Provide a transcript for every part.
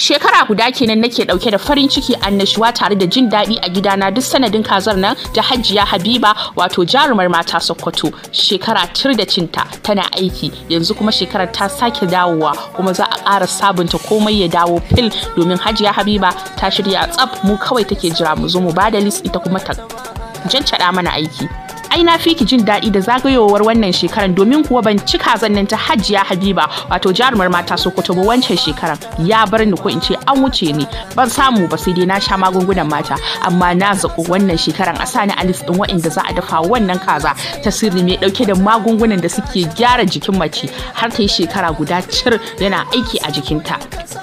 Shekara guda kenan nake dauke da farin ciki annashuwa tare da jin daɗi a gidana duk sanadin kazar nan da Hajiya Habiba wato jarumar mata Sokoto shekara tir da cinta tana aiki yanzu kuma shekarar ta sake dawowa kuma za a ƙara sabunta komai ya dawo fil domin Hajiya Habiba ta shirya tsaf mu kawai take jira mu zo mu bada list ita kuma ta jancada mana aiki. ai na fi ki jin daɗi da zagayowar wannan shekaran domin kuwa ban ci kazan ta Hajiya Habiba wato jarumar mata Sokoto ba wancan shekaran ya bar ni ko in ce an wuce ni ban samu ba sai dai na sha magungunan mata amma na zaƙo wannan shekaran a sani a list din waɗanda za a dafa wannan kaza ta sirri mai ɗauke da magungunan da suke gyara jikin mace har ta yi shekara guda cir yana aiki a jikinta.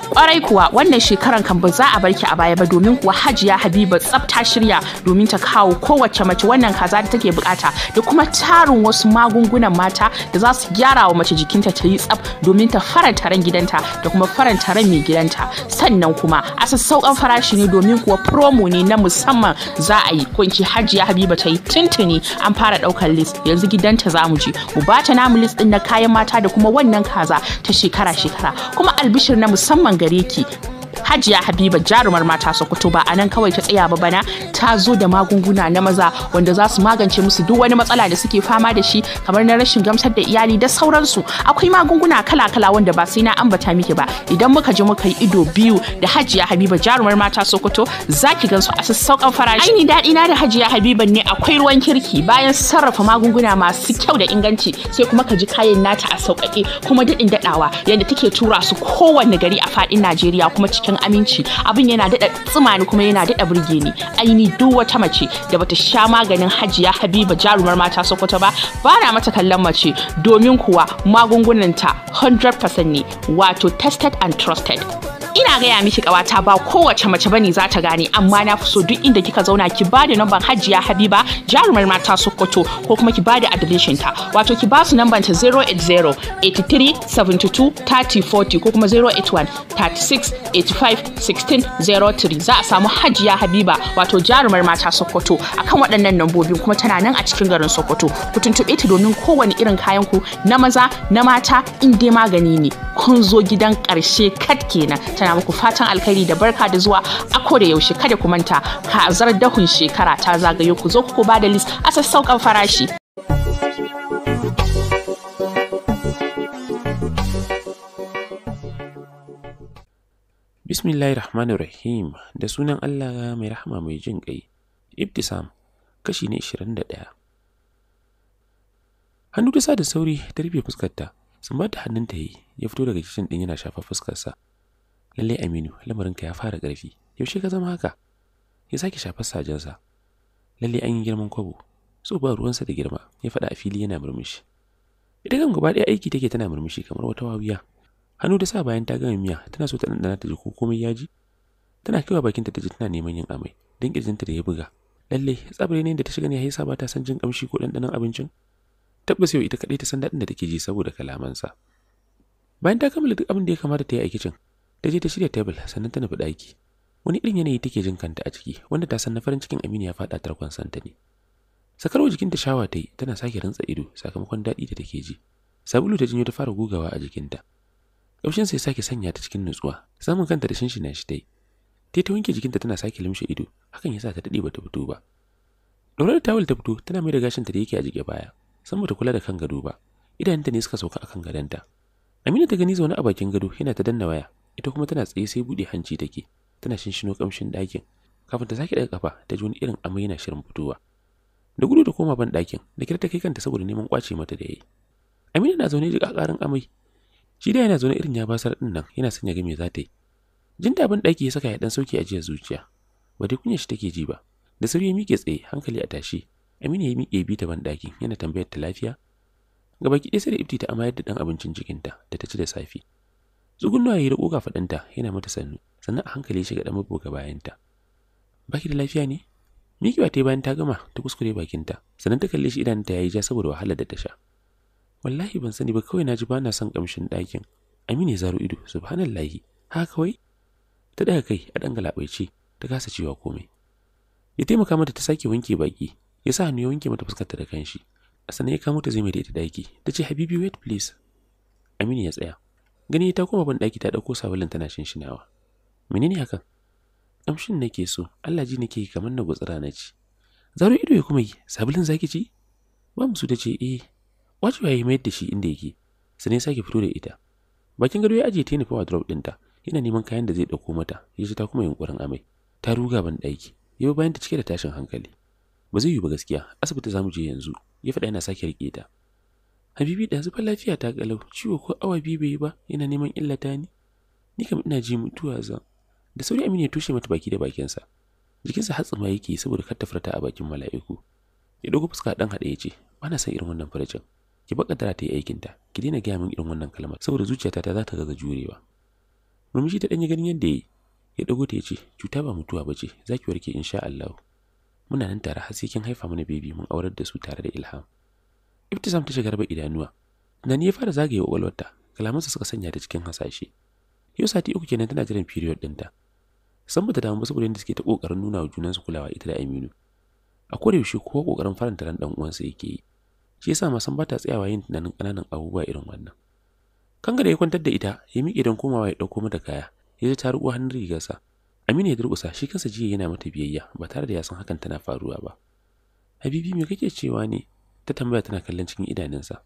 kwarai kuwa wannan shekaran kan ba za a barki a baya ba domin kuwa hajiya habiba tsafta shirya domin ta kawo kowace mace wannan kaza da take bukata mata da kuma tarin wasu magungunan mata da za su gyara wa mace jikinta ta yi tsaf domin ta faranta ran gidanta da kuma faranta ran mai gidanta sannan kuma a sassauƙan farashi ne domin kuwa promo ne na musamman za a yi kunci hajiya habiba ta yi tuntuni an fara ɗaukar list yanzu gidanta za mu je mu ba ta namu list ɗin na kayan mata da kuma wannan kaza ta shekara-shekara kuma albishir na musamman gare ki hajiya habiba jarumar mata sokoto ba a nan kawai ta tsaya ba bana ta zo da magunguna na maza wanda za su magance musu duk wani matsala da suke fama da shi kamar na rashin gamsar da iyali da sauransu akwai magunguna kala-kala wanda ba sai na ambata miki ba idan muka je muka yi ido biyu da hajiya habiba jarumar mata sokoto za ki gansu a sassauƙan farashi aini daɗi na da hajiya habiba ne akwai ruwan kirki bayan sarrafa magunguna masu kyau da inganci sai kuma ka ji kayan nata a sauƙaƙe kuma daɗin daɗawa yadda take tura su kowanne gari a faɗin najeriya kuma cikin aminci abin yana daɗa tsima kuma yana daɗa burge ni aini duk wata mace da bata sha maganin hajiya habiba jarumar mata sokoto ba ba na mata kallon mace domin kuwa magungunanta 100% ne wato tested and trusted ina gaya miki kawata ba kowace mace bane za ta gane amma na fi so duk inda kika zauna ki ba da namban Hajiya Habiba jarumar mata Sokoto ko kuma ki bada adireshin ta wato ki ba su namban ta 080 83 72 30 40 ko kuma 081 36 85 16 03 za a samu Hajiya Habiba wato jarumar mata Sokoto akan waɗannan nambobin kuma tana nan a cikin garin Sokoto ku tuntuɓe ta domin kowane irin kayan ku na maza na mata in dai magani ne kun zo gidan ƙarshe kat kenan tana muku fatan alkhairi da barka da zuwa a da yaushe kada ku manta kazar dahun shekara ta zagaye ku zo ku ba da list a sassauƙan farashi. Bismillahir Rahmanir Rahim da sunan Allah mai rahama mai jin ƙai. Ibtisam kashi ne 21. Hannu ta sa da sauri ta rufe fuskarta, sun ba ta ta yi, ya fito daga kicin ɗin yana shafa fuskarsa. lallai Aminu, lamarinka ya fara ƙarfi. Yaushe ka zama haka? Ya sake shafar sajensa. Lalle an yi girman kwabo. So ba ruwansa da girma, ya faɗa a fili yana murmushi. Ita kan gaba ɗaya aiki take tana murmushi kamar wata wawiya. Hannu da sa bayan ta gama miya, tana so ta ɗanɗana ta ji ko komai yaji. Tana kaiwa bakinta ta ji tana neman yin amai, don ƙirjinta da ya buga. lallai tsabari ne da ta shiga ne ya sa ba ta san jin ƙamshi ko ɗanɗanon abincin. Tabbas yau ita kaɗai ta san daɗin da take ji saboda kalamansa. Bayan ta kammala duk abin da ya kamata ta yi a kicin, ta je ta shirya tebul sannan ta nufi ɗaki wani irin yanayi take jin kanta a ciki wanda ta san na farin cikin aminu ya faɗa tarkon santa ne sakarwa jikinta shawa ta yi tana sake rantsa ido sakamakon daɗi da take ji sabulu ta jinyo ta fara gugawa a jikinta kaushin sai sake sanya ta cikin nutsuwa samun kanta da shinshina shi ta yi ta ta wanke jikinta tana sake limshe ido hakan ya sa ta daɗe bata fito ba ɗaure da tawul ta fito tana mai da gashinta da yake a jike baya san bata kula da kan gado ba idanunta ne suka sauka akan gadonta Amina ta gani zaune a bakin gado yana ta danna waya ita kuma tana tsaye sai buɗe hanci take tana shinshino kamshin ɗakin kafin ta sake daga kafa ta ji wani irin amai yana shirin fitowa da gudu da koma ban ɗakin da kira ta kai kanta saboda neman kwace mata da yayi Amina na zaune ji ƙaƙarin amai shi da yana zaune irin ya basar ɗin nan yana sanya ga me za ta yi jin da ban ɗaki ya saka ya ɗan sauki ajiyar zuciya ba dai kunya shi take ji ba da sauri ya miƙe tsaye hankali a tashi amina ya miƙe bi ta ban ɗakin yana tambayar ta lafiya gaba ki ɗaya sai da ifti ta amayar da dan abincin cikinta da ta ci da safe Tsugunnawa ya ga faɗanta yana mata sannu, sannan a hankali ya shiga ɗan ga bayanta. Baki da lafiya ne? Miki ba ta yi bayan ta gama ta kuskure bakin ta sannan ta kalle shi idan ta yi ja saboda wahalar da ta sha. Wallahi ban sani ba kawai na ji ba na son kamshin ɗakin. Aminu ya zaro ido, subhanallahi, ha kawai? Ta daga kai a ɗan galaɓaice, ta kasa cewa komai. Ya taimaka mata ta sake wanke baki, ya sa hannu ya wanke mata fuskarta da kanshi. Sannan ya kamo ta zai mai da ita daki ta ce Habibi wait please. Aminu ya tsaya, Gani ta koma ban ɗaki ta ɗauko sabulin tana shinshinawa. Menene hakan? Ƙamshin nake so, Allah ji nake kamar na gutsira na ci. Zaro ido ya kuma yi, sabulin zaki ci? musu ta ce, eh, wacewa ya mayar da shi inda yake, sai ne sake fito da ita. Bakin gado ya ajiye ta nufa wardrobe ta. yana neman kayan da zai ɗauko mata, ya ta kuma yunkurin amai. Ta ruga ban ɗaki, ya bayan ta cike da tashin hankali. Ba zai yi ba gaskiya, asibiti za mu je yanzu, ya faɗa yana sake riƙe ta. Habibi da zufa lafiya ta galau, ciwo ko awa biyu bai yi ba yana neman illata ni. Ni kam ina ji mutuwa za. Da sauri Aminu ya toshe mata baki da bakinsa. Jikinsa hatsima yake saboda kar ta furta a bakin mala'iku. Ya dogo fuska dan hada yace, "Ba na san irin wannan farajin. Ki bakatara ta yi aikin ta. Ki daina gaya min irin wannan kalmar saboda zuciyata ta za ta gaza jurewa." Murmushi ta danyi ganin yadda yi. Ya dogo ta yace, "Cuta ba mutuwa bace, zaki warke insha Allah." Muna nan tare har sai kin haifa mana bebi mun aurar da su tare da Ilham. Ibtisam ta shiga raba idanuwa. Nani ya fara zagaye kwakwalwarta, kalamansa suka sanya ta cikin hasashe. Yau sati uku kenan tana jiran period ɗinta. San bata damu saboda yadda suke ta ƙoƙarin nuna wa junansu kulawa ita da Aminu. A koda yaushe kowa ƙoƙarin faranta ran ɗan uwansa yake yi. Shi yasa ma san bata tsayawa yin tunanin ƙananan abubuwa irin wannan. Kanga da ya kwantar da ita, ya miƙe don komawa ya ɗauko mata kaya. Ya ji ta riƙo hannun rigarsa. Aminu ya durƙusa shi kansa jiya yana mata biyayya ba tare da ya san hakan tana faruwa ba. Habibi me kake cewa ne? ta tambaya tana kallon cikin idanunsa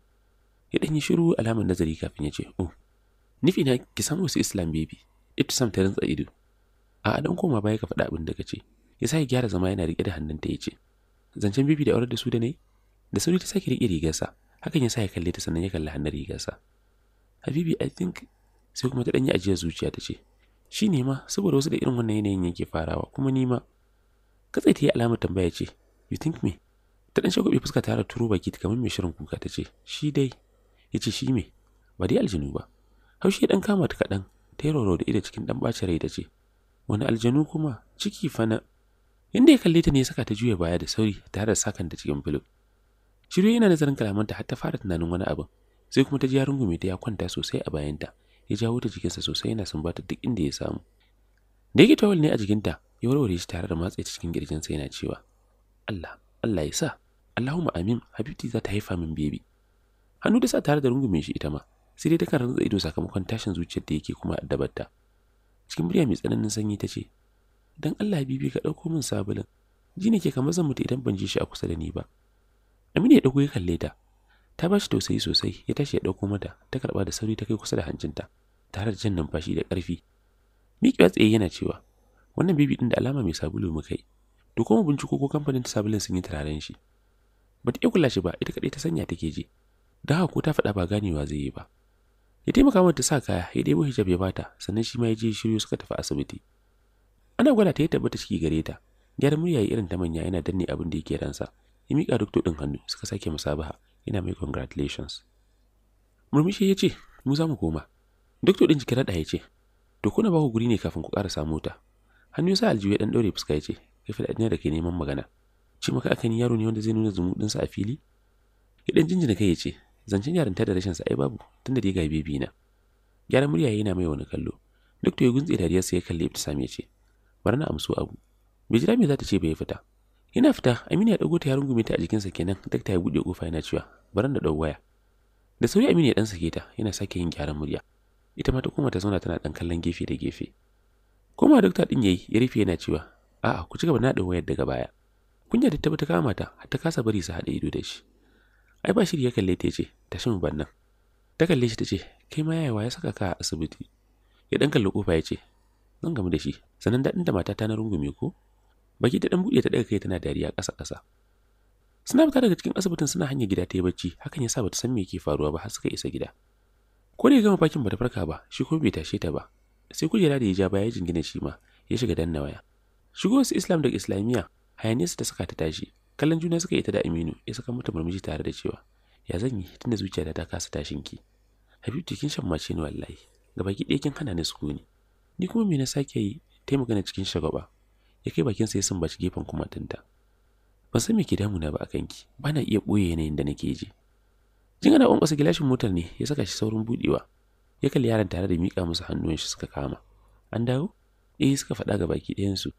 ya ɗan yi shiru alamar nazari kafin ya ce oh nufi na ki samu wasu islam baby ibtisam ta rantsa ido a don koma baya ka faɗa abin da ka ce ya sa gyara zama yana riƙe da hannunta ya ce zancen bibi da aurar da su da ne da sauri ta sake riƙe rigarsa hakan ya sa ya kalle ta sannan ya kalli hannun rigarsa habibi i think sai kuma ta ɗan yi ajiyar zuciya ta ce shi ne ma saboda wasu da irin wannan yanayin yake farawa kuma ni ma katsai ta yi alamar tambaya ce you think me ta dan shagwabe fuska tare turo baki kamar mai shirin kuka ta ce shi dai ya ce shi me ba dai aljanu ba haushi dan kama ta kaɗan ta yi roro da ita cikin dan ɓacin rai ta ce wani aljanu kuma ciki fana inda ya kalle ta ne ya saka ta juya baya da sauri tare da sakan ta cikin filin shiru yana nazarin kalamanta har ta fara tunanin wani abin sai kuma ta ji yarin gumi ta ya kwanta sosai a bayanta ya jawo ta jikinsa sosai yana sumbata duk inda ya samu da yake tawul ne a jikinta ya warware shi tare da matsayi cikin girjinsa yana cewa Allah Allah ya sa Allahumma amin Habibti za ta haifa min bebi hannu da sa tare da rungume shi ita ma sai dai takan rantsa ido sakamakon tashin zuciyar da yake kuma addabar cikin murya mai tsananin sanyi ta ce dan Allah bibi ka dauko min sabulin ji ne ke kamar zan mutu idan ban ji shi a kusa da ni ba Aminu ya dauko ya kalle ta ta bashi tausayi sosai ya tashi ya dauko mata ta karba da sauri ta kai kusa da hancinta tare da jin numfashi da karfi Mikiya tsaye yana cewa wannan bibi din da alama mai sabulu mu kai. to binciko ko kamfanin sabulin sun yi turaren shi ba ta iya kula shi ba ita kaɗai ta sanya take ji da haka ko ta faɗa ba ganewa zai yi ba ya taimaka mata ta sa kaya ya ɗebo hijab ya bata sannan shi ma ya je shiryo suka tafi asibiti ana gwada ta ya tabbata ciki gare ta gyara murya ya irin ta manya yana danne abin da yake ransa ya miƙa dukto ɗin hannu suka sake musabaha yana mai congratulations murmushi ya ce mu za mu koma dukto ɗin jikin raɗa ya ce to kuna ba ku guri ne kafin ku ƙara samu ta hannu sa aljihu ya ɗan ɗaure fuska ya ce kai fi da ke neman magana shi maka akan yaro ne wanda zai nuna zumuɗinsa a fili ya dan jinjina kai ya ce zancen yarinta da rashin sa ai babu tunda dai ga bebi na gyaran murya yana mai wani kallo duk da ya guntse dariya sai ya kalle Ibtisam ya ce bari na amsu abu bai jira me za ta ce bai fita yana fita Aminu ya dago ta yarin gumi ta a jikinsa kenan dakta ya bude kofa yana cewa bari na dau waya da sauri Aminu ya dan sake ta yana sake yin gyaran murya ita ma ta koma ta zauna tana dan kallon gefe da gefe koma dakta din yayi ya rufe yana cewa a'a ku ci gaba na dau wayar daga baya kunya da ta bi kama ta har ta kasa bari su haɗa ido da shi ai ba shiri ya kalle ta ce shi mu bannan ta kalle shi ta ce kai ma yayawa ya saka ka a asibiti ya dan kalli kofa ya ce zan gamu da shi sanan daɗin da ta na rungume ko baki ta dan buɗe ta daga kai tana dariya ƙasa ƙasa suna fita daga cikin asibitin suna hanyar gida ta yi bacci hakan yasa bata san me yake faruwa ba har suka isa gida ko da ya gama fakin bata farka ba shi ko bai tashe ta ba sai kujera da ya ja baya jingina shi ma ya shiga danna waya shigo su islam daga islamiyya su ta saka ta tashi kallon juna suka yi ta da aminu ya saka mata murmushi tare da cewa ya zan yi tunda zuciyata ta kasa tashin ki habibu kin shan mace ni wallahi baki ɗaya kin hana ni sukuni ni kuma me na sake yi ta magana cikin shagaba ya kai bakin sa ya sumbaci gefen kumatinta ban san me ke damuna ba akan ki bana iya boye yanayin da nake ji jin ana ƙwanƙwasa gilashin motar ne ya saka shi saurin buɗewa. ya kalli yaran tare da miƙa musu hannuwan shi suka kama an dawo eh suka faɗa ga baki ɗayan su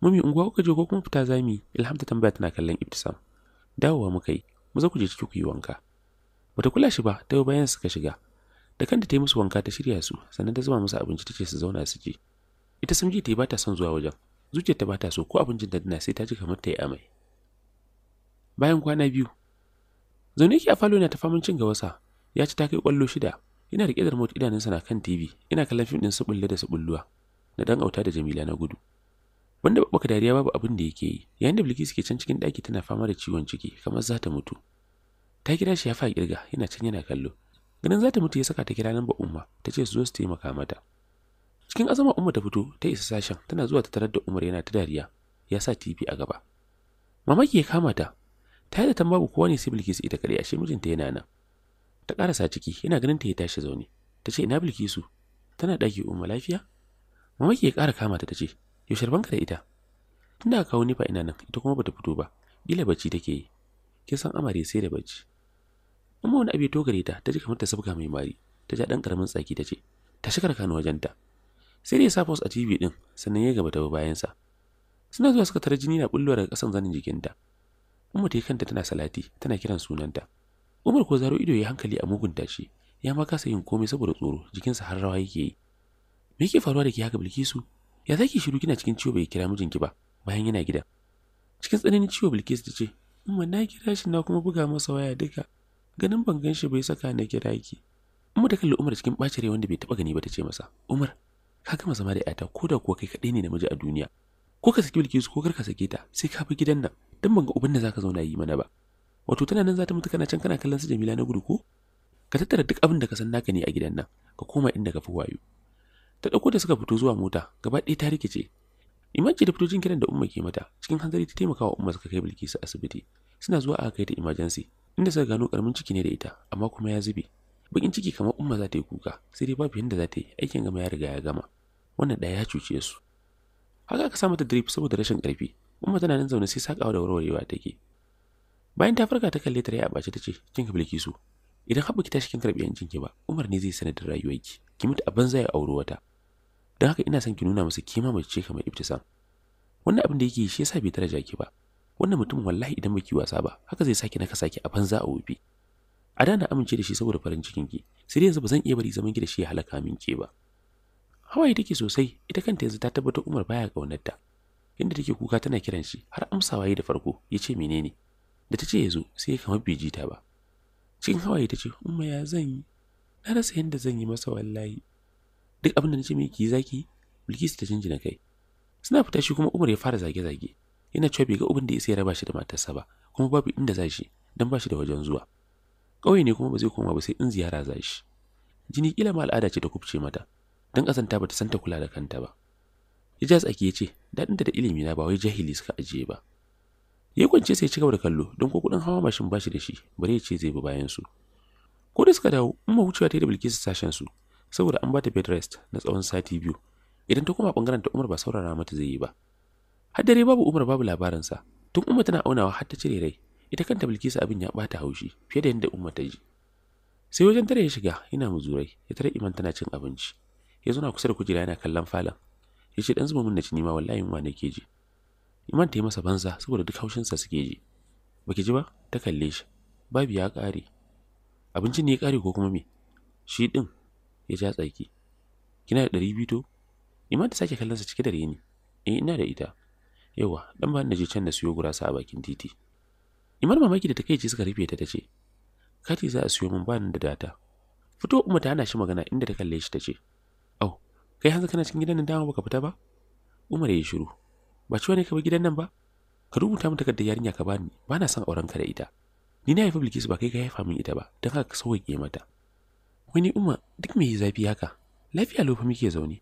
Mami unguwa kuka je ko kuma fita za mu yi? Ilham ta tambaya tana kallon Ibtisam. Dawowa muka yi, mu za ku je ciki ku yi wanka. Bata kula shi ba, ta bayan suka shiga. Da kanta ta yi musu wanka ta shirya su, sannan ta zuba musu abinci tace su zauna su je. Ita sun je ta yi ba ta son zuwa wajen. Zuciyar ta ba ta so ko abincin da dina sai ta ji kamar ta yi amai. Bayan kwana biyu, zaune ki a falo na ta faman cin gawasa, ya ci ta kai kwallo shida. Ina riƙe da remote idanunsa na kan TV, ina kallon fim ɗin su bulle da su bulluwa. Na dan auta da Jamila na gudu. wanda babbaka dariya babu abin da yake yi yayin da bilkisu ke can cikin ɗaki tana fama da ciwon ciki kamar za ta mutu ta kira shi ya fa kirga yana can yana kallo ganin za ta mutu ya saka ta kira nan ba umma ta ce su zo su taimaka mata cikin azama umma ta fito ta isa sashen tana zuwa ta tarar da umar yana ta dariya ya sa tv a gaba mamaki ya kama ta ta yi da tan babu kowa ne sai bilkisu ita kaɗai ashe mijinta yana nan ta karasa ciki yana ganin ta ya tashi zaune ta ce ina bilkisu tana daki umma lafiya mamaki ya kara kama ta ta ce yaushe banka da ita tunda kawo ni fa ina nan ita kuma bata fito ba bila bacci take yi kin san amare sai da bacci amma wani abin togare ta ta ji kamar ta sabga mai mari ta ja dan karamin tsaki ta ce ta shigar ni wajenta sai da ya sa a TV din sannan ya gaba ta bayan sa suna zuwa suka tare jini na bullo daga kasan zanin jikinta umar ta kanta tana salati tana kiran sunanta Umar ko zaro ido ya hankali a mugun tashi ya ma kasa yin komai saboda tsoro jikinsa har rawa yake yi me yake faruwa da ke haka Bilkisu ya zaki shiru kina cikin ciwo bai kira mijinki ba bayan yana gida cikin tsananin ciwo bilkis ta ce amma na kira shi na kuma buga masa waya duka ganin ban gan shi bai saka na kira ki amma da kalli umar cikin bacin rai wanda bai taba gani ba ta ce masa umar ka gama zama da yata ko da kuwa kai kadai ne namiji a duniya ko ka saki bilkisu ko kar ka sake ta sai ka bi gidan nan dan ban ga uban da zaka zauna yi mana ba wato tana nan za ta mutu kana can kana kallon su Jamila na gudu ko ka tattara duk abin da ka san naka ne a gidan nan ka koma inda ka fi wayo ta ɗauko da suka fito zuwa mota gaba ɗaya ta rikice ce da fito jin kiran da umma ke mata cikin hanzari ta taimaka umma suka kai bilkisu asibiti suna zuwa aka kai ta emergency inda suka gano karamin ciki ne da ita amma kuma ya zube bakin ciki kamar umma za ta yi kuka sai dai babu yadda za ta yi aikin gama ya riga ya gama wannan ɗaya ya cuce su haka aka sa mata drip saboda rashin ƙarfi umma tana nan zaune sai sakawa da warwarewa take bayan ta farka ta kalle ta a bace ta ce kin bilki su idan haɓa ki tashi kin karɓi yancin ki ba umar ne zai da rayuwarki ki mutu a banza ya auri wata don haka ina son ki nuna masa kima mace ce kamar Ibtisam wannan abin da yake shi yasa bai daraja ki ba wannan mutum wallahi idan baki wasa ba haka zai saki na kasa a banza a wufi a da na amince da shi saboda farin cikin ki sai dai yanzu ba zan iya bari zaman ki da shi ya halaka min ke ba hawaye take sosai ita kanta yanzu ta tabbatar Umar baya ta inda take kuka tana kiran shi har amsawa yi da farko ya ce menene da ta ce ya zo sai ya kamar bai ta ba cikin hawaye ta ce umma ya zan yi na rasa yadda zan yi masa wallahi duk abin da nace miki zaki Bilkisu ta canji na kai suna fita shi kuma Umar ya fara zage-zage yana cewa bai ga ubin da ya sai raba shi da matarsa ba kuma babu inda za shi dan ba shi da wajen zuwa ƙauye ne kuma ba zai koma ba sai in ziyara za shi jini kila ma al'ada ce ta kubce mata dan kasanta bata san ta kula da kanta ba ya ja tsaki ya ce dadin da ilimi na ba wai jahili suka ajiye ba ya kwance sai ci gaba da kallo don ko kudin hawa mashin bashi da shi bare ya ce zai bi bayan su ko da suka dawo umma wucewa ta yi da Bilkisu sashen su saboda an bata bed rest na tsawon sati biyu idan ta koma bangaren ta Umar ba saurara mata zai yi ba har dare babu Umar babu labarin sa tun Umar tana aunawa har ta cire rai ita kanta Bilkisu abin ya bata haushi fiye da yadda Umar ta ji sai wajen tare ya shiga yana muzurai ya tare Iman tana cin abinci ya zo na kusa da kujera yana kallon falon ya ce dan zuba min na ci nima wallahi yunwa ke ji Iman ta yi masa banza saboda duk haushin haushinsa suke ji baki ji ba ta kalle shi babu ya kare abincin ne ya kare ko kuma me shi din ya ja tsaki kina da ɗari biyu to iman ta sake kallonsa cike da reni eh ina da ita yawa dan ba na je can da siyo gurasa a bakin titi iman mamaki da takeici suka rufe ta ce. kati za a siyo min ba da data fito umma ta hana shi magana inda ta kalle shi tace au kai hanzu kana cikin gidan nan dama baka fita ba umar ya shiru ba ciwo ne ka gidan nan ba ka rubuta mu takardar yarinya ka bani ba na son auren ka da ita ni na haifi bilkisu ba kai ka haifa min ita ba don haka ka mata wani umma duk me zafi haka lafiya lofa muke zaune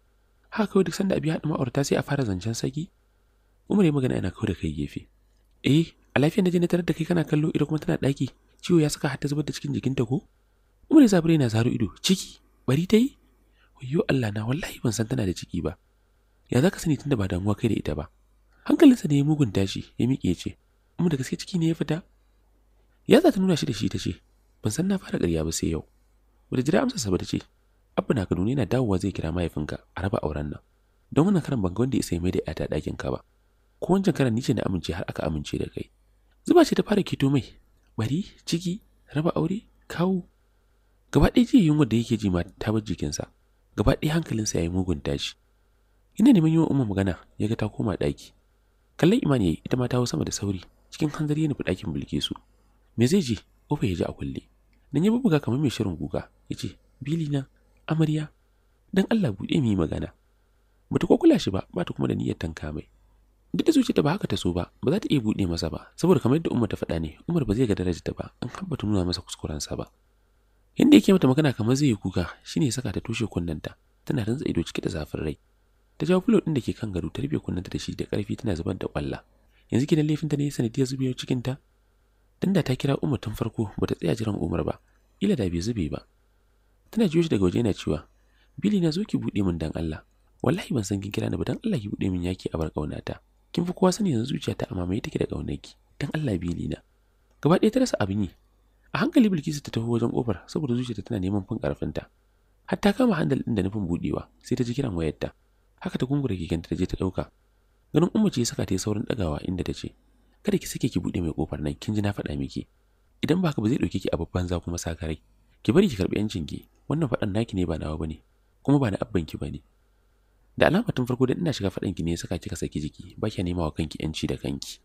haka kawai duk sanda abi haɗu ma'aurata sai a fara zancen saki umar ya magana yana kawai da kai gefe eh a lafiyar naje na tarar da kai kana kallo ido kuma tana ɗaki ciwo ya saka har zubar da cikin jikinta ko umar ya zabure yana zaro ido ciki bari ta yi yo Allah na wallahi ban san tana da ciki ba ya zaka sani tunda ba damuwa kai da ita ba hankalinsa ne ya mugun tashi ya miƙe ya ce Umar da gaske ciki ne ya fita ya za ta nuna shi da shi ta ce ban san na fara ƙarya ba sai yau Wani jira amsa sabar ce, Abba na Kaduna yana dawowa zai kira mahaifinka a raba auren nan. Don wannan karan ban ga wanda ya sai mai da ƴata ɗakin ka ba. Ko wancan karan nice na amince har aka amince da kai. Zuba ce ta fara keto mai. Bari, ciki, raba aure, kawo. Gaba ɗaya jiya yunwar da yake ji ma ta bar jikinsa. Gaba ɗaya hankalinsa ya yi mugun tashi. Ina neman yi wa Umma magana ya ga ta koma ɗaki. Kallon Iman yayi ita ma ta hau sama da sauri cikin hanzari ya nufi ɗakin Bilkisu. Me zai je ofe ya ji a kulle. nan ya bubuga kamar mai shirin guga ya ce bili na amarya don allah buɗe mu yi magana ba ta kula shi ba ba ta kuma da niyyar tanka mai duk da zuciyarta ba haka ta so ba ba za ta iya buɗe masa ba saboda kamar yadda umar ta faɗa ne umar ba zai ga ta ba an ta nuna masa kuskurensa ba inda yake mata magana kamar zai yi kuka shine ya saka ta tushe kunnanta tana rantsa ido cike da zafin rai ta jawo fulo ɗin da ke kan gado ta rufe kunnanta da shi da karfi tana zubar da kwalla yanzu gidan laifin ta ne sanadiyar zubewar cikin ta tunda ta kira Umar tun farko bata tsaya jiran Umar ba ila da bai zube ba tana jiyo shi daga waje yana cewa bili na zo ki buɗe min dan Allah wallahi ban san kin kira ni ba dan Allah ki buɗe min yaki a bar kaunata. kin fi kowa sani yanzu zuciyata amma mai take da ki dan Allah bili na gaba ɗaya ta rasa abin yi a hankali Bilkisu ta taho wajen kofar saboda zuciyarta tana neman fin ta har ta kama handal ɗin da nufin buɗewa sai ta ji kiran wayarta haka ta gungura kekenta ta je ta ɗauka ganin umma ce saka ta yi saurin ɗagawa inda ta ce kada ki sake ki buɗe mai kofar nan kin ji na faɗa miki idan ba haka ba zai ɗauke ki a babban za kuma ki bari ki karbi yancin ki wannan fadan naki ne ba nawa bane kuma ba na abban ki bane da alama tun farko da ina shiga fadan ki ne saka kika saki jiki ba ki nema wa kanki yanci da kanki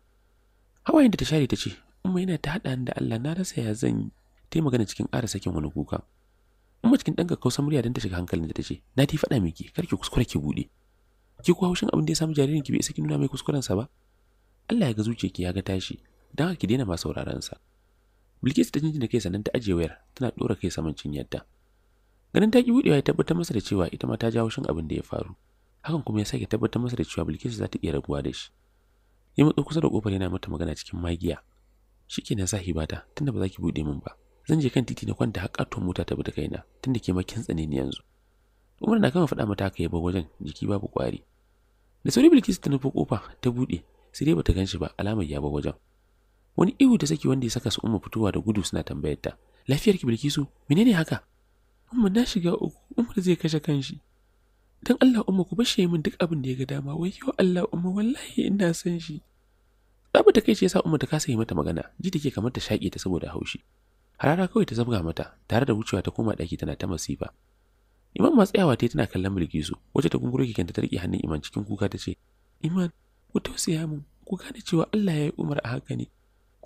hawayen da ta share ta ce umma yana ta hada da Allah na rasa ya zan yi magana cikin ƙara sakin wani kuka umma cikin danka kausa murya dan ta shiga hankalin da ta ce na ti faɗa miki kar ki kuskura ki bude ki kuwa haushin abin da ya samu jaririn ki bai isa ki nuna mai kuskuren sa ba Allah ya ga zuciyarki ya ga tashi don haka ki daina ma sauraron sa Bilkisu ta jinjina kai sannan ta aje wayar tana dora kai saman cinyarta. Ganin ta ki buɗewa ya tabbatar masa da cewa ita ma ta jawo shin abin da ya faru. Hakan kuma ya sake tabbatar masa da cewa Bilkisu za ta iya raguwa da shi. Ya matso kusa da kofar yana mata magana cikin magiya. Shikenan sa hibata tunda ba za ki buɗe min ba. Zan je kan titi na kwanta har mota ta bi kaina tunda ke ma tsane ni yanzu. Umar na kama faɗa mata haka ya wajen jiki babu ƙwari. Da sauri Bilkisu ta nufi kofa ta buɗe sai dai bata ganshi ba alamar ya wajen. wani ihu da saki wanda ya saka su umma fitowa da gudu suna tambayar ta lafiyar ki bilkisu menene haka umma na shiga uku umma zai kashe kanshi dan Allah umma ku bashe min duk abin da ya ga dama wai yo Allah umma wallahi ina san shi Tsabu ta kai ce yasa umma ta kasa yi mata magana ji take kamar ta shaƙe ta saboda haushi harara kawai ta zabga mata tare da wucewa ta koma ɗaki tana ta masifa Iman ma tsayawa ta tana kallon Bilkisu, wacce ta kunkuro kikanta ta riƙe hannun Iman cikin kuka ta ce, Iman, ku tausaya mu, ku gane cewa Allah ya yi umar a haka ne.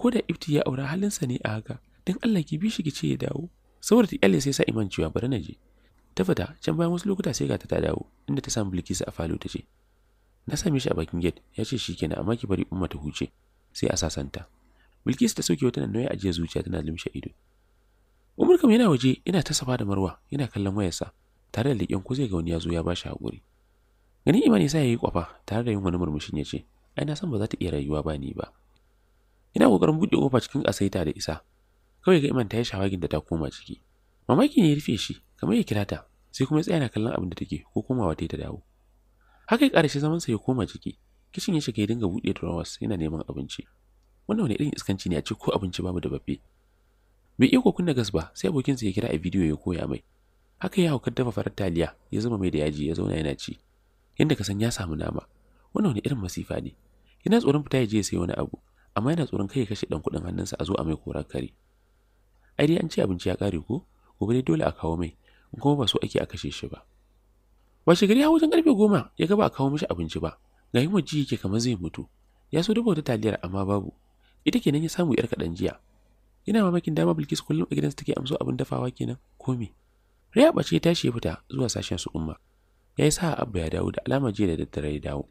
ko da ifti ya aura halinsa ne a haka don Allah ki bi shi ki ce ya dawo saboda ta kyalle sai sa iman cewa bari na je ta fita can bayan wasu lokuta sai ga ta dawo inda ta samu bilkisu a falo ta ce na same shi a bakin gate ya ce shikenan amma ki bari umma ta huce sai a sasanta bilkisu ta soke wata nauyi a jiya zuciya tana limshe ido umar kam yana waje yana ta safa da marwa yana kallon wayarsa tare da leƙen ko zai ga wani ya zo ya ba shi haƙuri ganin imani sa ya yi kwafa tare da yin wani murmushin ya ce ai na san ba za ta iya rayuwa ba ni ba ina kokarin buɗe kofa cikin kasaita da isa kawai ga imanta ya shawagin da ta koma ciki mamaki ne ya rufe shi kamar ya kira ta sai kuma ya tsaya na kallon abin da take ko komawa ta ta dawo haka ya karshe zaman sa ya koma ciki kishin ya shiga ya dinga buɗe drawers yana neman abinci wannan wani irin iskanci ne a ce ko abinci babu da babbe bai iya kunna gas ba sai abokin sa ya kira a bidiyo ya koya mai haka ya haukar dafa farar taliya ya zama mai da yaji ya zauna yana ci yadda ka san ya samu nama wannan wani irin masifa ne yana tsoron fita ya je ya sayi wani abu amma yana tsoron kai ya kashe dan kuɗin hannunsa a zo a mai korar kare ai dai an ce abinci ya kare ko gobe dai dole a kawo mai kuma ba so ake a kashe shi ba washe gari wajen karfe goma ya ga ba a kawo mishi abinci ba ga yi ji yake kamar zai mutu ya so duba wata taliyar amma babu ita kenan ya samu yar kaɗan jiya ina mamakin dama bilkis kullum a gidansa take amso abin dafawa kenan ko me a bace tashi ya fita zuwa sashen su umma. Ya yi sa Abba ya dawo da alama jiya da daddare ya dawo.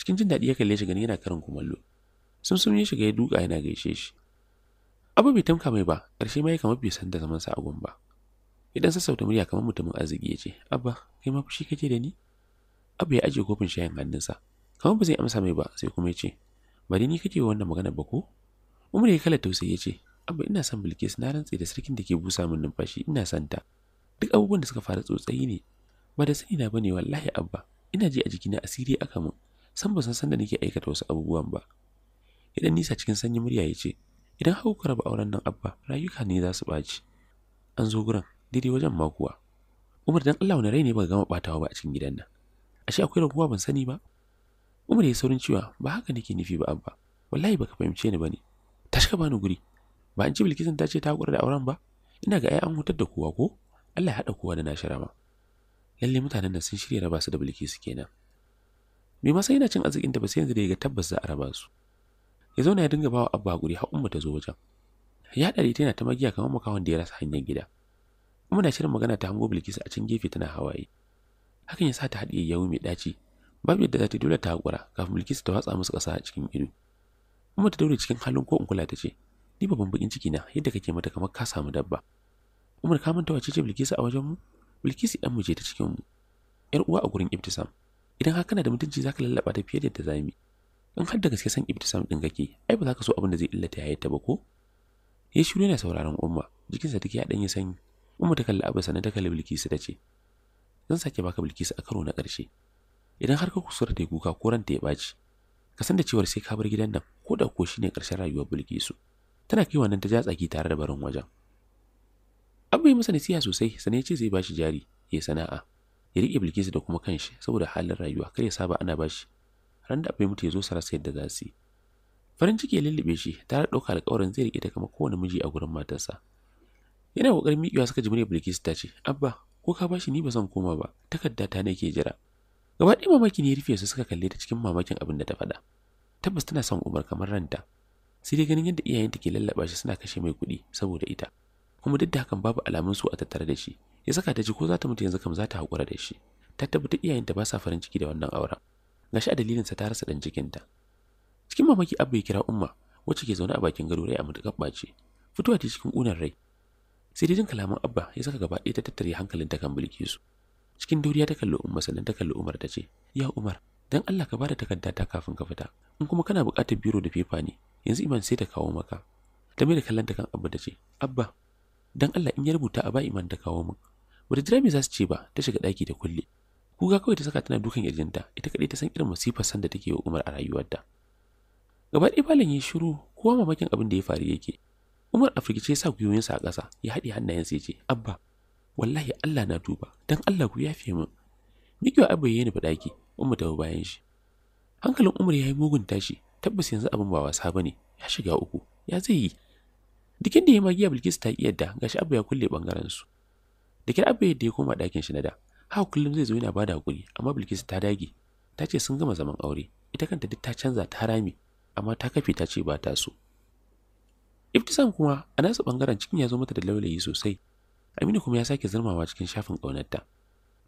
Cikin jin daɗi ya kalle shi gani yana karin kumallo. sumsum ya shiga ya duka yana gaishe shi abu bai tamka mai ba ƙarshe ma ya kama bai san da zaman sa agun ba idan sassauta murya kamar mutumin arziki ya ce abba kai ma fushi kake da ni abu ya ajiye kofin shayin hannunsa kamar ba zai amsa mai ba sai kuma ya ce bari ni kake wannan magana ba ko umar ya kala tausayi ya ce abba ina son bilkis na rantse da sarkin da ke busa min numfashi ina son ta duk abubuwan da suka fara tsotsayi ne ba da sani na bane wallahi abba ina ji a jikina asiri aka mun san ba san san da nake aikata wasu abubuwan ba Idan nisa cikin sanyin murya ya ce, Idan hau ku raba auren nan abba, rayuka ne za su ɓaci. An zo gurin, daidai wajen ma kuwa. Umar dan Allah wani rai ne ba gama ɓatawa ba a cikin gidan nan. Ashe akwai raguwa ban sani ba? Umar ya saurin cewa ba haka nake nufi ba abba. Wallahi baka fahimce ni bane. Tashi ka bani guri. Ba an ci Bilkisun ta ce ta haƙura da auren ba? Ina ga ai an hutar da kowa ko? Allah ya haɗa kowa da nashi rama. Lalle mutanen nan sun shirya raba su da Bilkisu kenan. Me masa yana cin arzikin da ba sai yanzu da ya ga tabbas za a raba su. ya zauna ya dinga bawa abba guri har umma ta zo wajen ya dare tana ta magiya kamar makawan da ya rasa hanyar gida kuma na shirin magana ta hango bilkisu a cikin gefe tana hawaye hakan ya sa ta haɗiye yawo mai ɗaci babu yadda za ta dole ta haƙura kafin bilkisu ta watsa musu ƙasa a cikin ido umma ta daure cikin halin ko in kula ta ce ni babban bakin ciki na yadda kake mata kamar ka samu dabba umar ka manta wace ce bilkisu a wajen mu bilkisu ɗan mu ce ta cikin mu yar uwa a gurin ibtisam idan haka kana da mutunci zaka lallaba ta fiye da yadda zamu in har da gaske san ibtisam din kake ai ba za ka so abin da zai illata ta ba ko ya shiru yana sauraron umma jikin sa take ya danyi sanyi umma ta kalli abu sannan ta kalli bilkisu da ce zan sake baka bilkisu a karo na karshe idan har ka kusura ta kuka ko ranta ya baci ka san da cewa sai ka bar gidan nan ko da ko shine karshen rayuwar bilkisu tana kai wannan ta ja tsaki tare da barin wajen abu ya masa nasiha sosai Sana ya ce zai bashi jari ya sana'a ya riƙe bilkisu da kuma kanshi saboda halin rayuwa kar ya saba ana bashi ran da abin mutu ya zo Sara sayar yadda za su yi farin ciki ya lullube shi tare da ɗaukar alƙawarin zai riƙe ta kamar kowane miji a gurin matarsa yana ƙoƙarin miƙewa suka ji murya bilkisu ta ce abba ko ka bashi ni ba zan koma ba takarda ta ne ke jira gaba ɗaya mamaki ne ya rufe su suka kalle ta cikin mamakin abin da ta faɗa tabbas tana son umar kamar ranta sai dai ganin yadda iyayenta ke lallaɓa shi suna kashe mai kuɗi saboda ita kuma duk da hakan babu alamun su a tattare da shi ya saka ta ji ko za ta mutu yanzu kam za ta haƙura da shi ta tabbata iyayenta ba sa farin ciki da wannan auren gashi a dalilinsa ta rasa ɗan jikinta Cikin mamaki Abba ya kira Umma wacce ke zaune a bakin gado rai a matuƙar ɓace. Fitowa ta cikin ƙunar rai. Sai dai jin kalaman Abba ya saka gaba ɗaya ta tattare hankalinta kan su Cikin dauriya ta kalli Umma sannan ta kalli Umar ta ce, "Ya Umar, dan Allah ka bada takarda ta kafin ka fita. In kuma kana buƙatar biro da fefa ne, yanzu Iman sai ta kawo maka." Ta mai da ta kan Abba ta ce, "Abba, dan Allah in ya rubuta a ba Iman ta kawo min." Bata jira me za su ce ba, ta shiga ɗaki da kulle. Kuga kawai ta saka tana dukan kirjinta ita kaɗai ta san irin masifar sanda da take wa Umar a rayuwarta gaba ɗaya falon ya shiru kowa mamakin abin da ya faru yake Umar a firgice ya sa gwiwoyinsa a ƙasa ya haɗe hannayensa ya ce abba wallahi Allah na duba dan Allah ku yafe min Mikiwa abba ya faɗa ki Umar ta bayan shi hankalin Umar ya yi mugun tashi tabbas yanzu abin ba wasa ba ne, ya shiga uku ya zai yi dikin da ya magiya Bilkisu ta iya yadda gashi abba ya kulle bangaren su dikin abba yadda ya koma ɗakin shi na da Hawa kullum zai zo yana bada hakuri amma bilkisu ta dage ta ce sun gama zaman aure ita kanta duk ta canza ta rame amma ta kafe ta ce ba ta so san kuma a nasu bangaren cikin ya zo mata da laulayi sosai aminu kuma ya sake zurmawa cikin shafin ƙaunarta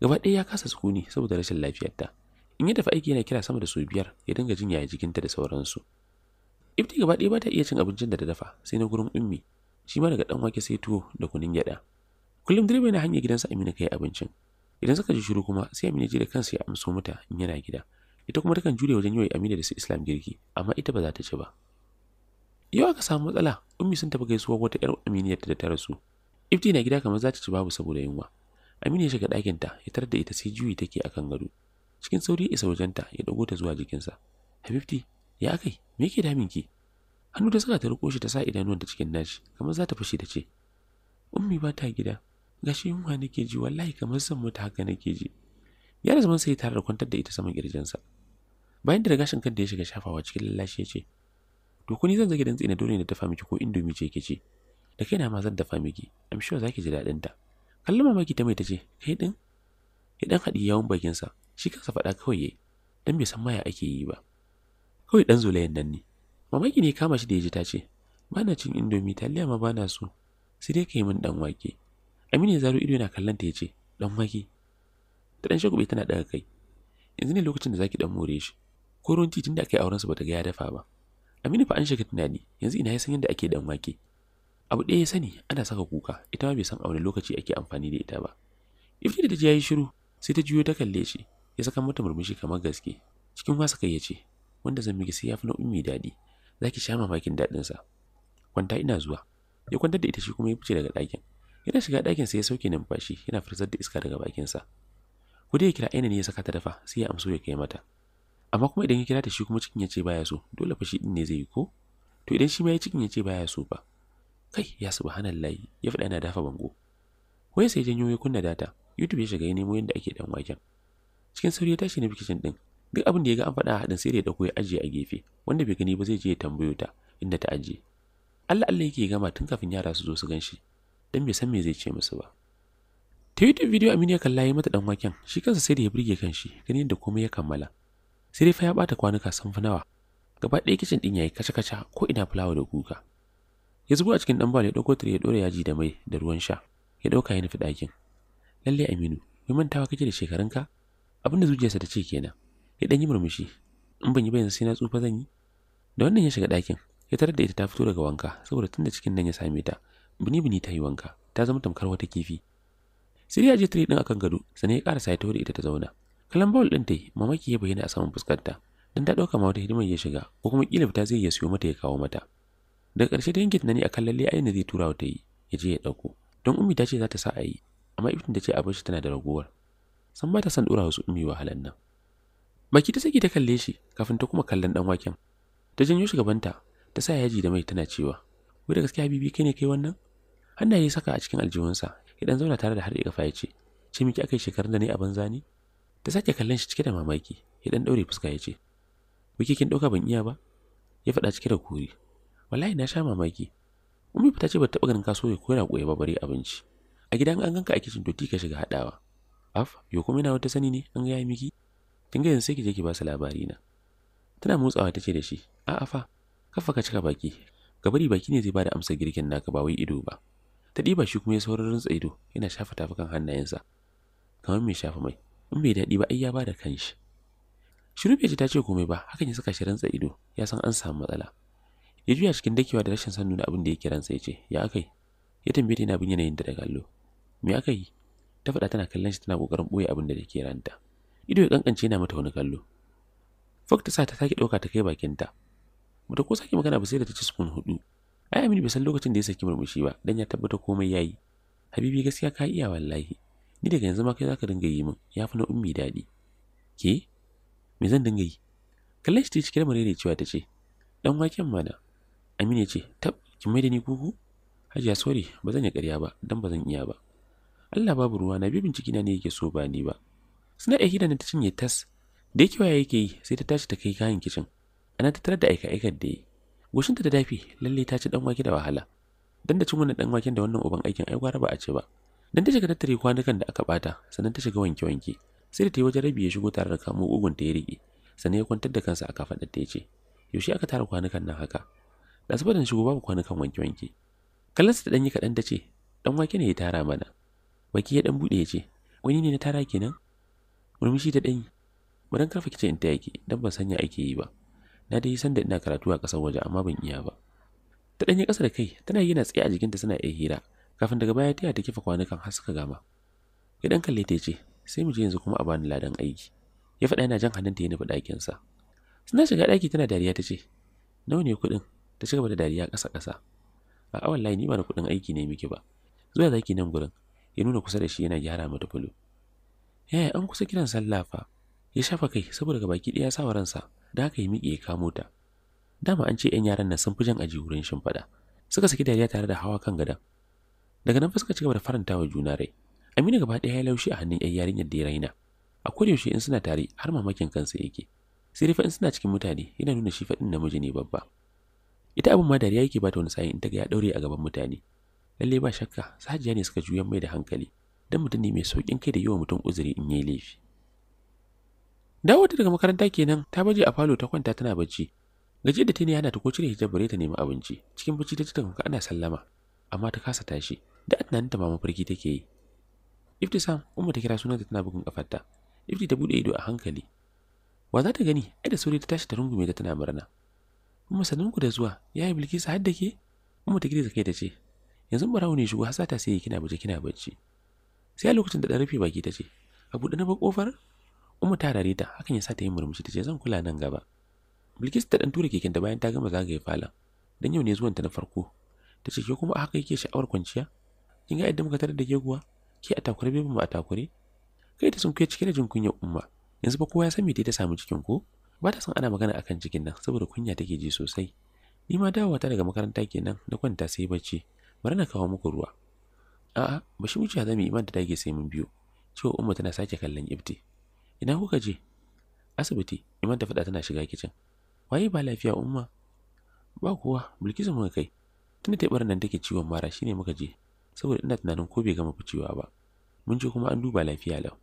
gaba ɗaya ya kasa sukuni saboda rashin lafiyarta in ya dafa aiki yana kira sama da su biyar ya dinga jin yaya jikinta da sauransu ifti gaba ɗaya ba ta iya cin abincin da ta dafa sai na gurin ummi shi ma daga ɗan wake sai tuwo da kunun gyaɗa kullum direba yana hanyar gidansa aminu kai abincin idan suka ji shiru kuma sai Aminu ji da kansa ya amso mata in yana gida ita kuma takan jure wajen yi Aminu da su Islam girki amma ita ba za ta ci ba yau aka samu matsala ummi sun tafi gaisuwa wata yar aminiyarta da ta rasu ifti na gida kamar za ta ci babu saboda yunwa Aminu ya shiga ɗakinta ya tarar da ita sai juyi take akan gado cikin sauri isa wajen ta ya dago ta zuwa jikinsa Habibti ya kai me yake damin ki hannu da suka ta riko shi ta sa idanuwan ta cikin nashi kamar za ta fashe ta ce ummi ba ta gida gashi yunwa nake ji wallahi kamar zan mutu haka nake ji Ya zaman sai tare da kwantar da ita saman kirjinsa bayan da gashin da ya shiga shafawa cikin lallashi ya ce to kuni zan zage dantse na dole na dafa miki ko indomi ce kici da kaina ma zan dafa miki i'm sure zaki ji dadin ta kallon mamaki ta mai ta ce, kai din ya dan hadi yawon bakin sa shi kansa faɗa kawai yayi dan bai san maya ake yi ba kawai dan zolayen nan ne mamaki ne kama shi da ji ta ce bana cin indomi taliya ma bana so sai dai yi min dan wake Aminu ya zaro ido yana kallon ta ya ce, "Dan wake." Ta dan shagube tana daga kai. Yanzu ne lokacin da zaki dan more shi. Ko ruwan titin da ka yi auren su bata ga ya dafa ba. Aminu fa an shiga tunani, yanzu ina yasan yanda ake dan wake. Abu ɗaya ya sani ana saka kuka, ita ma bai san a wani lokaci ake amfani da ita ba. Ifti da ta ji yayi shiru, sai ta juyo ta kalle shi, ya saka mata murmushi kamar gaske. Cikin wasa kai yace, "Wanda zan miki sai ya fi na ummi daɗi, zaki sha mamakin daɗinsa." Kwanta ina zuwa. Ya kwantar da ita shi kuma ya fice daga ɗakin. Yana shiga ɗakin sai ya sauke numfashi yana furzar da iska daga bakinsa. ku ya kira Aina ne ya saka ta dafa sai ya amso ya kai mata. Amma kuma idan ya kira ta shi kuma cikin ya ce baya so dole fa shi din ne zai yi ko? To idan shi ma ya cikin ya ce baya so ba. Kai ya subhanallahi ya faɗa yana dafa bango. Wai sai janyo ya kunna data YouTube ya shiga ya nemo yadda ake dan waken. Cikin sauri ya tashi na bikicin din. Duk abin da ya ga an faɗa haɗin sai da ya dauko ya ajiye a gefe wanda bai gani ba zai je ya tambayo ta inda ta ajiye. Allah Allah yake gama tun kafin yara su zo su gan shi. don bai san me zai ce musu ba ta youtube video aminu ya kalla ya mata dan waken shi kansa sai da ya burge kanshi ganin da komai ya kammala sai dai fa ya bata kwanuka sun fi nawa gaba ɗaya kicin ɗin yayi kaca-kaca ko ina fulawa da kuka ya zubo a cikin ɗan bal ya ɗauko tire ya ɗora yaji da mai da ruwan sha ya ɗauka ya nufi ɗakin lallai aminu mai mantawa kake da ka. abin da zuciyarsa ta ce kenan ya ɗan yi murmushi in ban yi bayan sai na tsufa zan yi da wannan ya shiga ɗakin ya tarar da ita ta fito daga wanka saboda tun da cikin nan ya same ta bini-bini ta yi wanka ta zama tamkar wata kifi sai ya je tire din akan gado sannan ya karasa ya ita ta zauna kalan bawul din ta mamaki ya bayyana a saman fuskarta dan ta dauka ma wata hidimar ya shiga ko kuma kila ta zai ya siyo mata ya kawo mata daga karshe ta yanke tunani akan lalle aina zai tura wata yi ya je ya dauko don ummi ta ce za ta sa a yi amma ibtin ta ce abin shi tana da raguwar san ba ta san dora wasu ummi wahalan nan baki ta saki ta kalle shi kafin ta kuma kallon dan waken ta janyo shi gabanta ta sa yaji da mai tana cewa wai da gaskiya bibi kai ne kai wannan hannaye ya saka a cikin aljihunsa ya dan zauna tare da har kafa ya ce ce miki akai shekarun da ne a banza ne ta sake kallon shi cike da mamaki ya daure fuska ya ce wiki kin dauka ban iya ba ya faɗa cike da kuri wallahi na sha mamaki ummi ta ce ba taɓa ganin kaso ya koya koyi ba bari abinci a gidan an ganka a kicin to ka shiga hadawa af yo kuma ina wata sani ne an gaya miki kin ga yanzu sai ki je ki ba su labari na tana motsawa ta ce da shi a'a fa kafa ka cika baki gabari baki ne zai bada amsa girkin naka ba wai ido ba ta ɗiba shi kuma ya saurin rintsa ido yana shafa tafukan hannayensa kamar mai shafa mai in bai daɗi ba ai ya ba da kanshi rufe ta ce komai ba hakan ya saka shi rantsa ido ya san an samu matsala ya juya cikin dakewa da rashin san nuna abin da yake ransa ya ce ya yi ya tambaye ta yana bin yanayin da daga allo me aka yi ta faɗa tana kallon shi tana kokarin ɓoye abin da take ranta ido ya kankance yana mata wani kallo fok ta sa ta sake ɗauka ta kai bakinta bata ko sake magana ba sai da ta ci sukun hudu ai Aminu bai san lokacin da ya saki murmushi ba dan ya tabbata komai yayi Habibi gaskiya ka iya wallahi ni daga yanzu ma kai zaka dinga yi min Ya fi na ummi daɗi ke me zan dinga yi kallon shi cikin marere cewa ta ce dan waken mana Aminu ya ce tab ki mai da ni kuku Hajiya sori ba zan yi ƙarya ba dan ba zan iya ba Allah babu ruwa na bibin ciki na ne yake so ba ni ba suna ɗaya hidan ta cinye tas da yake waya yake yi sai ta tashi ta kai kayan kicin ana tattara da aika-aikar da yi goshinta da dafi lalle ta ci dan wake da wahala dan da cin dan waken da wannan uban aikin ai gwara ba a ce ba dan ta shiga tattare kwanukan da aka bata sannan ta shiga wanke wanke sai da ta yi wajen rabi ya shigo tare da kamo ugun ta ya rike sannan ya kwantar da kansa kafa da ta ya ce yaushe aka tara kwanukan nan haka da su badan shigo babu kwanukan wanke wanke kallon da dan yi kaɗan ta ce dan wake ne ya tara mana waki ya dan bude ya ce wani ne na tara kenan murmushi ta dan yi mu dan karfa kicin in ta yake dan ban sanya ake yi ba na dai san da ina karatu a ƙasar waje amma ban iya ba ta danyi ƙasa da kai tana yana tsaye a jikinta suna iya hira kafin daga baya taya ta kifa kwanukan har suka gama ya ɗan kalle ta ce sai mu je yanzu kuma a bani ladan aiki ya faɗa yana jan hannunta ya nufi ɗakinsa suna shiga ɗaki tana dariya ta ce nawa ne kuɗin ta ci gaba da dariya ƙasa ƙasa a awan layi ni ba da kuɗin aiki ne miki ba zuwa zaki nan gurin ya nuna kusa da shi yana gyara mata fulu yaya an kusa kiran sallah fa ya shafa kai saboda ga baki ɗaya sa ransa da haka ya miƙe ya kamo ta dama an ce 'yan yaran nan sun fi jan aji wurin shimfiɗa suka saki dariya tare da hawa kan gadan daga nan ci gaba da faranta wa juna rai aminu gaba ɗaya ya laushi a hannun 'yan yarinyar da ya raina a yaushe in suna tare har mamakin kansa yake sai dai fa in suna cikin mutane yana nuna shi faɗin namiji ne babba ita abin ma dariya yake bata wani sa'in in ta ga ya daure a gaban mutane lalle ba shakka sahajiya ne suka juyan mai da hankali dan mutum ne mai sauƙin kai da yi wa mutum uzuri in yi laifi dawo ta daga makaranta kenan ta baje a falo ta kwanta tana bacci Gajiyar da tini yana ta ko cire hijab bare ta nemi abinci cikin bacci ta ci ta ana sallama amma ta kasa tashi da ta mama farki take yi iftisam umma ta kira sunanta tana bugun kafarta ifti ta bude ido a hankali wa za ta gani ai da sauri ta tashi ta rungume ta tana murna umma ku da zuwa yayi bilkisu har da ke umma ta girgiza kai ta ce yanzu barawo ne shigo hasata sai kina buje kina bacci sai a lokacin da dan rufe baki ta ce a buɗe na ba kofar umma ta rare ta hakan ya sa ta yi murmushi ta ce zan kula nan gaba. Bilkisu ta dan tura keken ta bayan ta gama zagaye falon. Dan yau ne zuwan ta na farko. Ta ce ke kuma haka yake sha'awar kwanciya? Kin ga yadda muka tarar da ke kuwa? Ke a takure bai mu a takure? Kai ta sun kai cike da jin kunyar Umma. Yanzu ba kowa ya san me ta samu cikin ko? Ba ta san ana magana akan cikin nan saboda kunya take ji sosai. Ni ma dawowa ta daga makaranta kenan na kwanta sai bacci. Bari na kawo muku ruwa. A'a, bashi wuce zamu yi iman da sai mun biyo. Cewa Umma tana sake kallon Ibti. ina kuka je asibiti iman ta faɗa tana shiga kicin waye ba lafiya umma ba kowa, bilkisu muka kai tunda da nan take ciwon mara shine muka je saboda ina tunanin ko bai gama ficewa ba mun je kuma an duba lafiya lau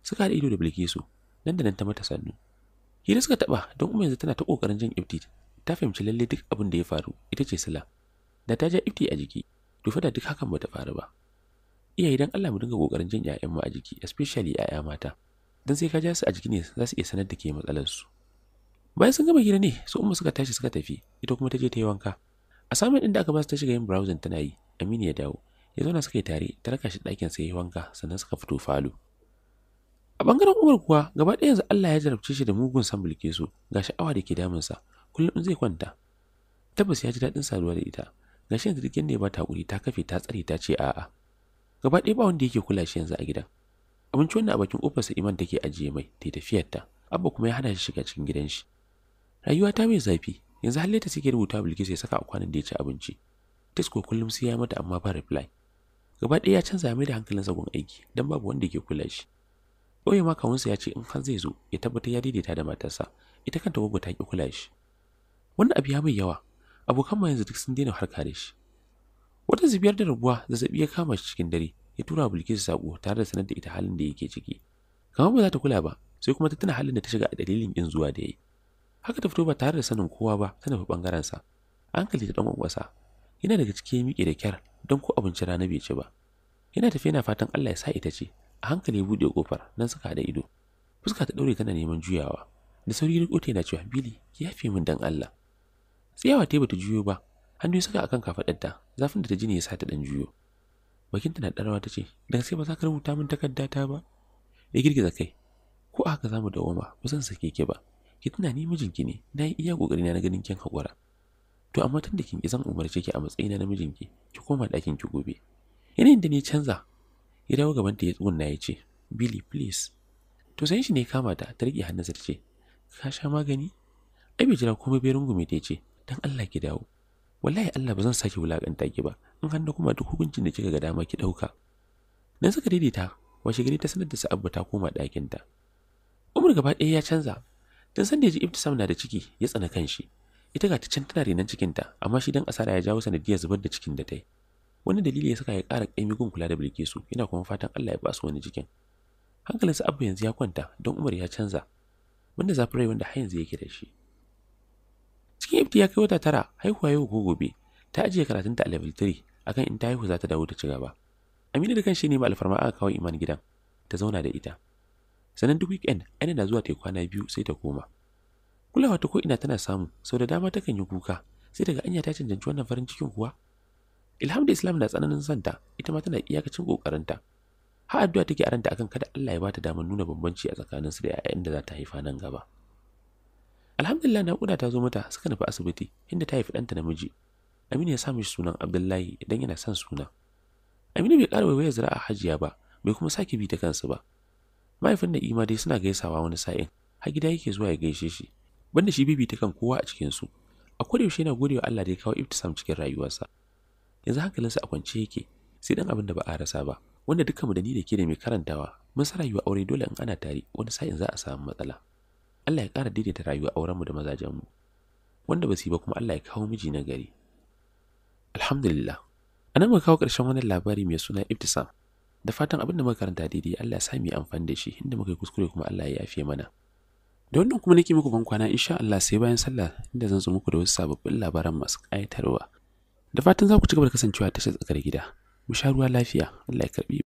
suka haɗa ido da bilkisu nan da nan ta mata sannu hira suka taɓa don umma yanzu tana ta ƙoƙarin jin ifti ta fahimci lalle duk abin da ya faru ita ce sila da ta ja ifti a jiki to duk hakan bata faru ba iyaye dan Allah mu dinga ƙoƙarin jin 'ya'yan mu a jiki especially 'ya'ya mata don sai ka ja su a jiki ne za su iya sanar da ke matsalarsu bayan sun gama hira ne su umma suka tashi suka tafi ita kuma ta je ta yi wanka a samun inda aka ba su ta shiga yin browsing tana yi aminu ya dawo ya zauna suka yi tare ta raka shi ɗakin sai ya yi wanka sannan suka fito falo a bangaren umar kuwa gaba ɗaya yanzu Allah ya jarabce shi da mugun san mulke su ga sha'awa da ke damunsa kullum in zai kwanta tabbas ya ji daɗin saduwa da ita ga shi yanzu duk yadda ya ba ta ta kafe ta tsare ta ce a'a gaba ɗaya ba wanda yake kula shi yanzu a gidan abinci wanda a bakin ƙofarsa iman take ajiye mai ta tafiyarta abba kuma ya hana shi shiga cikin gidan shi rayuwa ta mai zafi yanzu har ta take rubuta bilkisu ya saka a kwanan da ya ci abinci tisko kullum sai ya mata amma ba reply gaba ɗaya ya canza mai da hankalin zagon aiki dan babu wanda ke kula shi ɓoye ma kawunsa ya ce in har zai zo ya tabbatar ya daidaita da matarsa ita kanta gwagwa ta ki kula shi wani abu ya mai yawa abokan ma yanzu duk sun daina harka da shi wata zubiyar da rabuwa zazzabi ya kama shi cikin dare ya tura Bilkisu sako tare da sanar da ita halin da yake ciki. Kamar ba za ta kula ba, sai kuma ta tuna halin da ta shiga a dalilin kin zuwa da yi. Haka ta fito ba tare da sanin kowa ba, ta nufi bangaren sa. Hankali ta ɗan wasa. Yana daga cike miƙe da kyar don ko abinci rana bai ci ba. Yana tafiya yana fatan Allah ya sa ita ce. A hankali ya buɗe kofar nan suka da ido. Fuska ta daure tana neman juyawa. Da sauri ya ta yana cewa Bili ki yafe min dan Allah. Tsiyawa ta bata juyo ba. Hannu saka akan kafaɗarta. Zafin da ta ji ne ya sa ta dan juyo. bakinta na ɗarawa ta ce da sai ba za ka rubuta min takarda ta ba ya girgiza kai ko a haka za mu dawoma ba zan sake ki ba ki tuna ni mijinki ne na yi iya kokari na ganin kin haƙura to amma tun da kin kizan zan umarce ki a matsayina na mijinki ki koma ɗakin ki gobe yanayin da ni canza ya dawo gaban ta ya tsugunna ya ce Billy please to sai shi ne kama ta ta riƙe hannu ta ce ka sha magani ai bai jira komai bai rungume ta ce dan Allah ki dawo wallahi Allah ba zan sake wulaƙanta ki ba in hannu kuma duk hukuncin da kika ga dama ki ɗauka. Nan suka daidaita, washe gari ta sanar da Sa'abba ta koma ta Umar gaba ɗaya ya canza, tun san da ji Ibtisam na da ciki ya tsana kan shi. Ita ga ta tana renon cikinta, amma shi dan asara ya jawo sanadiyar zubar da cikin da ta yi. Wani dalili ya saka ya ƙara ƙaimi gun kula da Bilkisu, yana kuma fatan Allah ya ba su wani jikin. Hankalin Sa'abba yanzu ya kwanta don Umar ya canza, wanda zafin rai wanda har yanzu yake da shi. Cikin Ibti ya kai wata tara, haihuwa yau ko gobe, ta ajiye karatunta a level akan in ta haihu za ta dawo ta ci gaba Aminu da kanshi ne ba alfarma aka kawo Iman gidan ta zauna da ita sannan duk weekend ana na zuwa ta kwana biyu sai ta koma kulawa ta ko ina tana samu sau da dama takan yi kuka sai daga anya ta cancanci wannan farin cikin kuwa Ilham da Islam na tsananin santa ita ma tana iyakacin kokarinta har addu'a take a ranta akan kada Allah ya bata damar nuna bambanci a tsakaninsu da 'ya'yan da za ta haifa nan gaba. Alhamdulillah naƙuda ta zo mata suka nufi asibiti inda ta haifi ɗanta namiji Aminu ya sa mishi sunan Abdullahi idan yana son suna. Aminu bai ƙara zira a hajiya ba, bai kuma sake bi ta kansu ba. Mahaifin da ima dai suna gaisawa wani sa'in, har gida yake zuwa ya gaishe shi. Banda shi bibi ta kan kowa a cikinsu. A kodayaushe yana wa Allah da ya kawo Ibtisam cikin rayuwarsa. Yanzu hankalinsa a kwance yake, sai dan abin da ba a rasa ba, wanda mu da ni da ke da mai karantawa, mun sa rayuwa aure dole in ana tare, wani sa'in za a samu matsala. Allah ya ƙara daidaita rayuwa aurenmu da mazajenmu. Wanda ba su yi ba kuma Allah ya kawo miji na gari. Alhamdulillah. A nan muka kawo ƙarshen wannan labari mai suna Ibtisam. Da fatan abin da muka karanta daidai Allah ya sa mu amfani da shi inda muka yi kuskure kuma Allah ya yafe mana. Da wannan kuma nake muku ban kwana insha Allah sai bayan sallah inda zan zo muku da wasu sababbin labaran masu ƙayatarwa. Da fatan za ku ci gaba da kasancewa tashar tsakar gida. Mu sha ruwa lafiya. Allah ya karbi